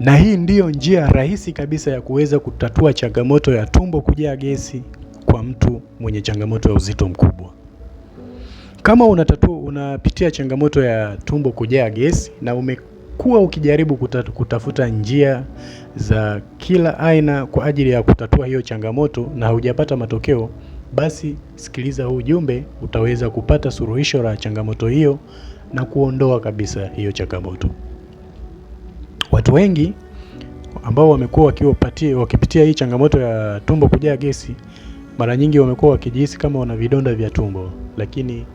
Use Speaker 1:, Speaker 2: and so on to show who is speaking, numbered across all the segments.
Speaker 1: na hii ndiyo njia rahisi kabisa ya kuweza kutatua changamoto ya tumbo kujaa gesi kwa mtu mwenye changamoto ya uzito mkubwa. Kama unatatua, unapitia changamoto ya tumbo kujaa gesi na umekuwa ukijaribu kutafuta njia za kila aina kwa ajili ya kutatua hiyo changamoto na haujapata matokeo, basi sikiliza huu ujumbe, utaweza kupata suluhisho la changamoto hiyo na kuondoa kabisa hiyo changamoto watu wengi ambao wamekuwa wakipitia hii changamoto ya tumbo kujaa gesi, mara nyingi wamekuwa wakijihisi kama wana vidonda vya tumbo, lakini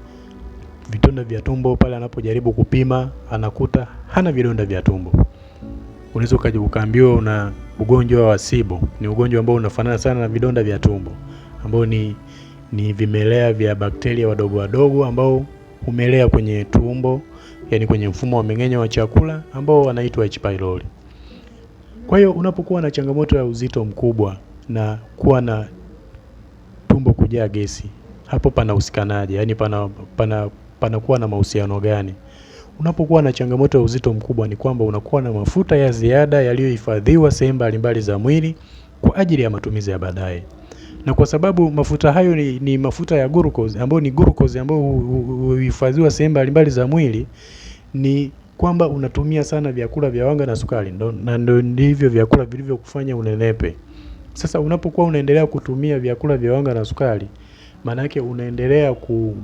Speaker 1: vidonda vya tumbo pale anapojaribu kupima anakuta hana vidonda vya tumbo. Unaweza ukaambiwa una ugonjwa wa SIBO, ni ugonjwa ambao unafanana sana na vidonda vya tumbo, ambao ni, ni vimelea vya bakteria wadogo wadogo ambao humelea kwenye tumbo yani kwenye mfumo wa mmeng'enyo wa chakula ambao wanaitwa H pylori. Kwa hiyo unapokuwa na changamoto ya uzito mkubwa na kuwa na tumbo kujaa gesi, hapo panahusikanaje? Yani pana pana panakuwa na mahusiano gani? Unapokuwa na changamoto ya uzito mkubwa, ni kwamba unakuwa na mafuta ya ziada yaliyohifadhiwa sehemu mbalimbali za mwili kwa ajili ya matumizi ya baadaye na kwa sababu mafuta hayo ni, ni mafuta ya glucose ambayo ni glucose ambayo huhifadhiwa sehemu mbalimbali za mwili, ni kwamba unatumia sana vyakula vya wanga na sukari, na ndio ndivyo vyakula vilivyokufanya unenepe. Sasa unapokuwa unaendelea kutumia vyakula vya wanga na sukari, maana yake unaendelea ku,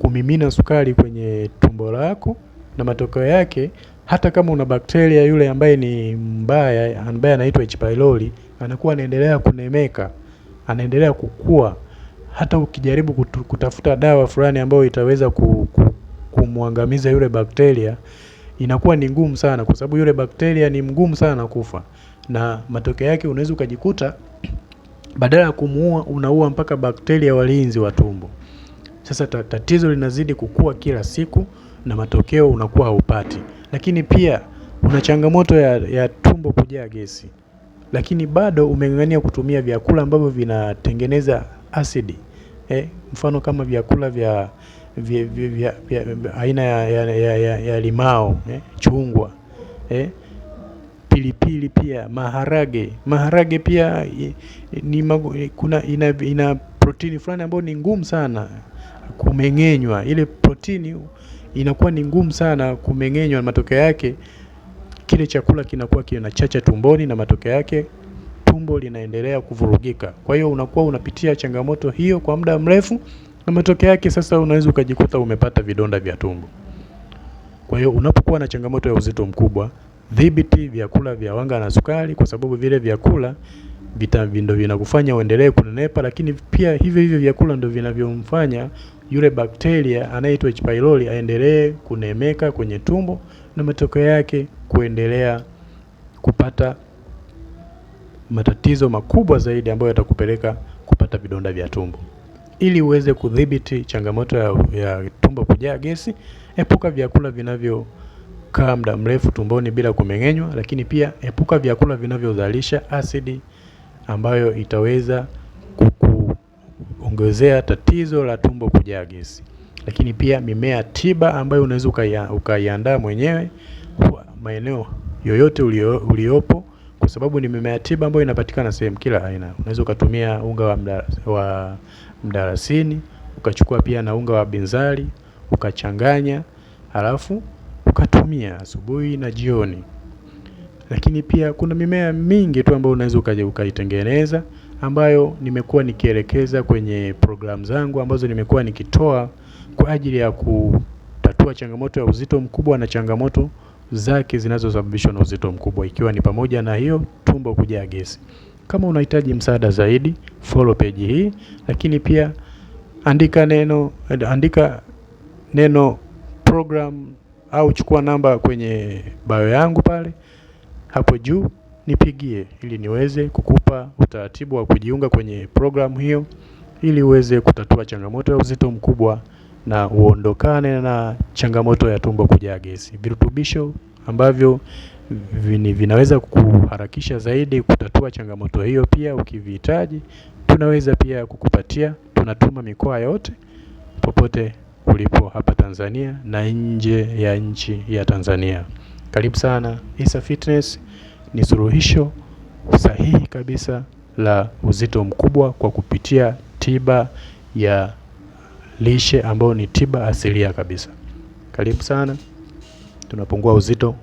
Speaker 1: kumimina sukari kwenye tumbo lako, na matokeo yake hata kama una bakteria yule ambaye ni mbaya ambaye anaitwa H. pylori anakuwa anaendelea kunemeka anaendelea kukua, hata ukijaribu kutu, kutafuta dawa fulani ambayo itaweza ku, ku, kumwangamiza yule bakteria inakuwa ni ngumu sana, kwa sababu yule bakteria ni mgumu sana kufa, na matokeo yake unaweza ukajikuta badala ya kumuua unaua mpaka bakteria walinzi wa tumbo. Sasa tatizo linazidi kukua kila siku na matokeo unakuwa haupati, lakini pia una changamoto ya, ya tumbo kujaa gesi lakini bado umeng'ang'ania kutumia vyakula ambavyo vinatengeneza asidi eh, mfano kama vyakula vya, vya, vya, vya, vya, vya aina ya, ya, ya, ya, ya limao eh, chungwa eh, pilipili pia maharage. Maharage pia ni magu, kuna ina, ina protini fulani ambayo ni ngumu sana kumeng'enywa. Ile protini inakuwa ni ngumu sana kumeng'enywa, matokeo yake kile chakula kinakuwa kina chacha tumboni na matokeo yake tumbo linaendelea kuvurugika. Kwa hiyo unakuwa unapitia changamoto hiyo kwa muda mrefu, na matokeo yake sasa unaweza ukajikuta umepata vidonda vya tumbo. Kwa hiyo unapokuwa na changamoto ya uzito mkubwa, dhibiti vyakula vya wanga na sukari, kwa sababu vile vyakula ndio vinakufanya uendelee kunenepa, lakini pia hivyo hivyo vyakula ndio vinavyomfanya yule bakteria anayeitwa H. pylori aendelee kunemeka kwenye tumbo na matokeo yake kuendelea kupata matatizo makubwa zaidi ambayo yatakupeleka kupata vidonda vya tumbo. Ili uweze kudhibiti changamoto ya, ya tumbo kujaa gesi, epuka vyakula vinavyokaa muda mrefu tumboni bila kumeng'enywa, lakini pia epuka vyakula vinavyozalisha asidi ambayo itaweza kuku kuongezea tatizo la tumbo kujaa gesi. Lakini pia mimea tiba ambayo unaweza ukaiandaa mwenyewe maeneo yoyote uliopo kwa sababu ni mimea tiba ambayo inapatikana sehemu kila aina. Unaweza ukatumia unga wa mdalasini, ukachukua pia na unga wa binzari, ukachanganya, halafu ukatumia asubuhi na jioni. Lakini pia kuna mimea mingi tu ambayo unaweza ukaitengeneza ambayo nimekuwa nikielekeza kwenye programu zangu ambazo nimekuwa nikitoa kwa ajili ya kutatua changamoto ya uzito mkubwa na changamoto zake zinazosababishwa na uzito mkubwa ikiwa ni pamoja na hiyo tumbo kujaa gesi. Kama unahitaji msaada zaidi, follow page hii, lakini pia andika neno andika neno program au chukua namba kwenye bio yangu pale hapo juu nipigie ili niweze kukupa utaratibu wa kujiunga kwenye programu hiyo ili uweze kutatua changamoto ya uzito mkubwa na uondokane na changamoto ya tumbo kujaa gesi. Virutubisho ambavyo vinaweza kuharakisha zaidi kutatua changamoto hiyo pia ukivihitaji tunaweza pia kukupatia. Tunatuma mikoa yote popote ulipo hapa Tanzania na nje ya nchi ya Tanzania. Karibu sana Isa Fitness ni suluhisho sahihi kabisa la uzito mkubwa kwa kupitia tiba ya lishe ambayo ni tiba asilia kabisa. Karibu sana, tunapungua uzito.